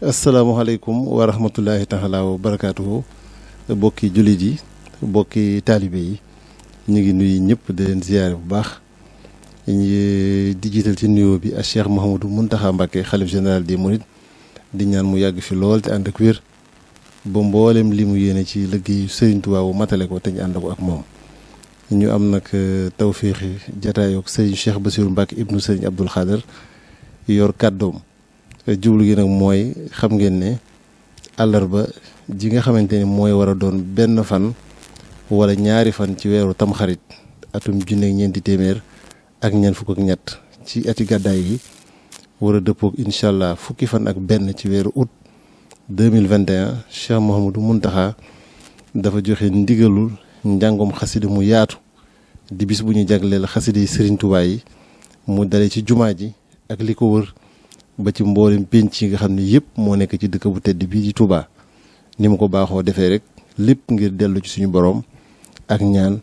asalaamaaleykum wa rahmatullahi taala wa barakaatuhu bokki jullit yi bokki taalibe yi ñu ngi nuyu ñëpp di leen ziyaare bu baax ñu di ci nuyoo bi ak Cheikh Mouhamadou taxa Mbacké xalif général des Mourides di ñaan mu yàgg fi lool te ànd ak ba mboolem li mu yéene ci liggéeyu Serigne Touba matale ko te ñu ànd ko ak moom ñu am nag euh, tawféexi jataayook Serigne Cheikh Bassirou Mbacké ibnu Serigne Abdoul Khader yor kàddoom jublu gi nag mooy xam ngeen ne àllarba ji nga xamante ni mooy war a doon benn fan wala ñaari fan ci weeru tamxarit atum junneeg ñeenti téeméer ak ñeent fukk ak ñett ci ati gàddaay yi war a dëppoog incha allah fukki fan ak benn ci weeru août 2021 Cheikh Mouhamadou Mountakha dafa joxe ndigalul njàngum xasida mu yaatu di bis bu ñu jagleel xasida yi Serigne yi mu dale ci jumaa ji ak li ko wër ba ci mboolem pénc yi nga xam ne yëpp moo nekk ci dëkk bu tedd bii di Touba ni mu ko baaxoo defee rek lépp ngir dellu ci suñu boroom ak ñaan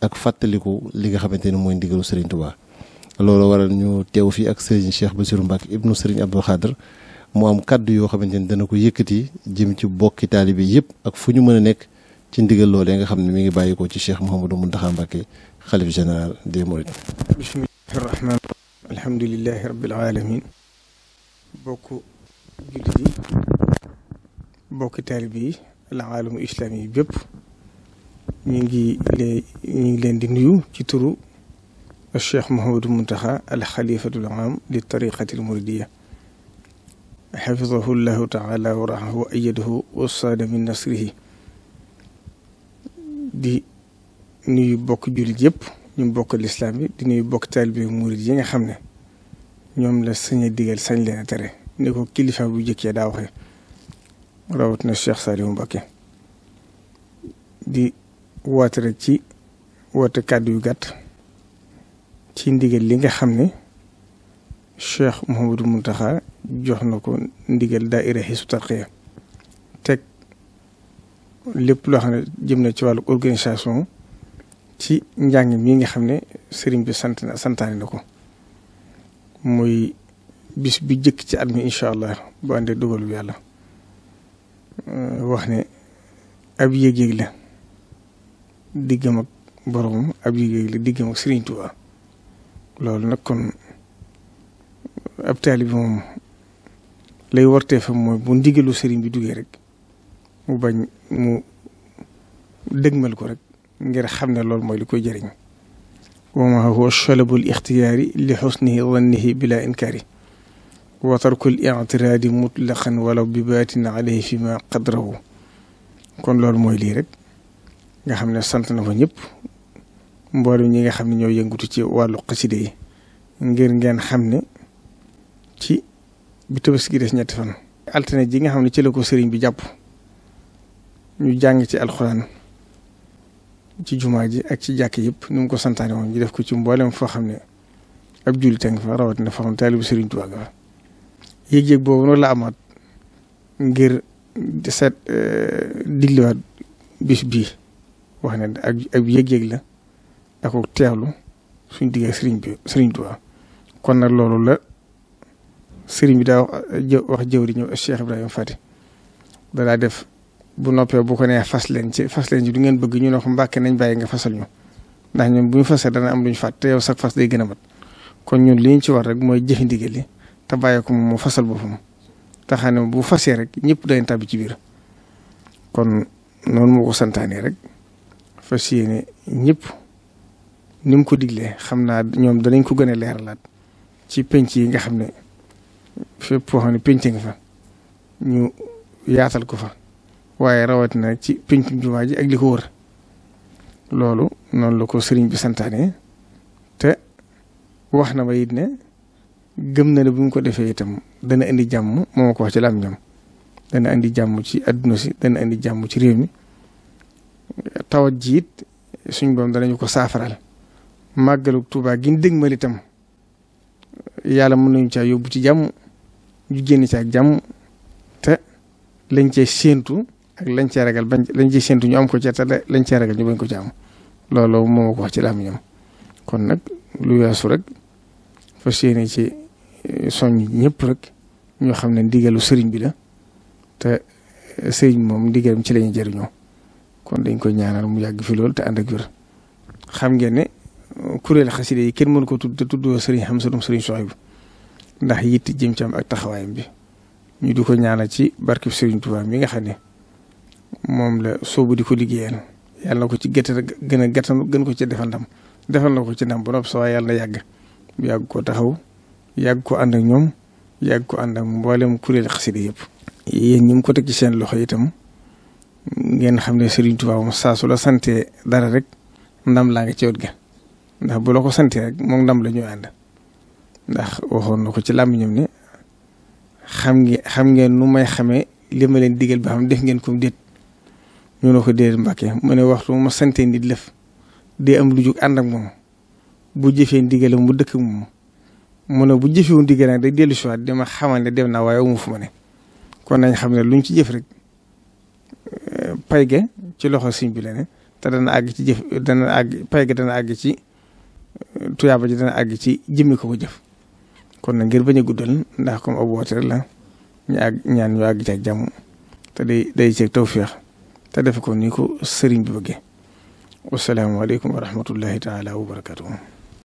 ak fàttaliku li nga xamante ne mooy ndigalu Serigne Touba. loolu waral ñu teew fii ak Serigne Cheikh Bassirou Mbacke ibnu Serigne Abdou Khadr mu am kàddu yoo xamante ni dana ko yëkkati jëm ci bokki taalibe yëpp ak fu ñu mën a nekk ci ndigal loolee nga xam ne mu ngi bàyyi ko ci Cheikh Mouhamadou Mountakha Mbacke xalif général des Mourides. bismillahi rahmaani bokk jullit yi bokki alaalamu islaam yi bépp ñu ngi leen ñu ngi leen di nuyu ci turu Cheikh Mouhamadou Mountakha al xalifatul aam li tariqatil muridiya xafidahu llahu taala wa raxahu wa ayadahu wa min nasrihi di nuyu bokk jullit yëpp ñu bokk lislaam yi di nuyu bokk taalibe murid yi nga xam ne ñoom la sañ digal sañ leen a tere ni ko kilifa bu jëkkee daa waxe rawatina Cheikh Saliou Mbacké di woote ci woote kàddu yu gat ci ndigal li nga xam ne Cheikh Mouhamadou Mountakha jox na ko ndigal daaira Hizbut Tarqiyyah teg lépp loo xam ne jëm na ci wàllu organisation ci njàng mi nga xam ne sëriñ bi sant na santaane na ko muy bis bi jëkk ci am mi incha allah bu àndee dogalu yàlla euh, wax ne ab yëg-yëg la diggam ak boromam ab yëg-yëg la diggam ak Serigne Touba loolu nag kon ab taalibi moom lay wartee fa mooy bu ndigalu Serigne bi duggee rek mu bañ mu mal ko rek ngir xam ne loolu mooy li koy jëriñ wa ma huwa salabul ixtiyaari li xusnihi dannihi bila inkaari wa tarkul ictiraadi mutlaqan walaw bi baatin alayhi fi ma qadrahu kon loolu mooy lii rek nga xam ne sant na fa ñëpp mboolem ñi nga xam ne ñoo yëngutu ci wàllu xaside yi ngir ngeen xam ne ci bi Tabaski gi des ñetti fan altine ji nga xam ne ci ko sëriñ bi jàpp ñu jàng ci alxuraan ci jumaa ji ak ci jàkk yëpp ni mu ko santaane woon ñu def ko ci mbooleem foo xam ne ak jullit a fa rawatina foo xam ne taalibu Sëriñ Tuubaa nga fa yéeg ngir seet euh, digliwaat bis wax ne ak ab la ak teewlu suñ digg Sëriñ bi Sëriñ Tuubaa kon nag loolu la sëriñ bi daa wax jëw di ñëw Cheikh Fati da daa def bu noppee bu ko nee fas leen ci fas leen ci du ngeen bëgg ñu ne ko mbàkke nañ bàyyi nga fasal ñu ndax ñun bu ñu fasee dana am lu ñu fàtte te yow fas day gën a mat kon ñun li ñu ci mooy jëfe ndigal te bàyyi mu fasal boppam te xam bu fasee rek ñëpp dañ tàbbi ci biir kon noonu moo rek fas yéene ñëpp ni mu ko diglee xam naa ñoom danañ ko gën a leeralaat ci penc yi nga xam ne fépp foo xam ne penc nga fa ñu yaatal ko fa. waaye rawatina ci pencum jumaa ji ak li ko wër loolu noonu la ko sëriñ bi santaane te wax na ba it ne gëm na ne bu ñu ko defee itam dana indi jàmm moo ko wax ci làmmiñam dana indi jàmm ci adduna si dana indi jàmm ci réew mi tawat jiit it suñ boom danañu ko saafaral màggalu Tuubaa gi ñu dëgmal itam yàlla mën nañu caa yóbbu ci jàmm ñu génn ci ak jàmm te lañ cee séentu lañ cee ragal bañ lañ ci séntu ñu am ko ca te lañ cee ragal ñu bañ ko ci am loolu moo ko wax ci làmmiñam kon nag lu weesu rek fas yéene ci eh, soññ ñëpp rek ñu xam ne ndigalu sëriñ bi la te eh, sëriñ moom ndigalam ci lañuy jëriñoo kon dañ ko ñaanal mu yàgg fi loolu te ànd ak wér xam ngeen ne eh, kuréel xaside yi kenn mënu ko tudd te tuddoo sëriñ Hamsatum sëriñ bi ndax yitt jëm ci ak taxawaayam bi ñu di ko ñaanal ci barkeb sëriñ Tuubaa mi nga xam ne moom la soobu di ko liggéeyal yàlla na ko ci gëtt gën a gàttanu gën ko ci defal ndam defal na ko ci ndam bu nopp sa waaye yàlla na yàgg yàgg ko taxaw yàgg ko ànd ak ñoom yàgg ko ànd ak mboolem kuréel xasida yëpp. yéen ñi mu ko teg ci seen loxo itam ngeen xam ne Serigne Touba saa su la santee dara rek ndam laa nga ci wet ga ndax bu la ko santee rek moom ndam la ñuy ànd ndax waxoon na ko ci ñoom ne xam ngeen xam ngeen nu may xamee li ma leen digal bi xam def ngeen ko déet. ñu ne ko déet Mbàkke mu ne waxtu ma sante nit lëf dee am lu jug ànd ak moom bu jëfee ndigale mu dëkk moom mu ne bu jëfewu ndigale nag day dellu si waat dama xamal ne dem na waaye amu fu ma ne kon nañ xam ne luñ ci jëf rek eh, payge ci loxo siñ bi la ne te dana àgg ci jëf dana àgg eh, ji dana àgg ci jëmmi ko ko jëf kon na ngir bañ a guddal ndax comme ab woote la ñu ñaan ñu àgg ci ak jàmm te day day ceeg tawféex te def ko ni ko sëriñ bi bëggee wasalaamaaleykum wa rahmatullahi taala wa barakatuhu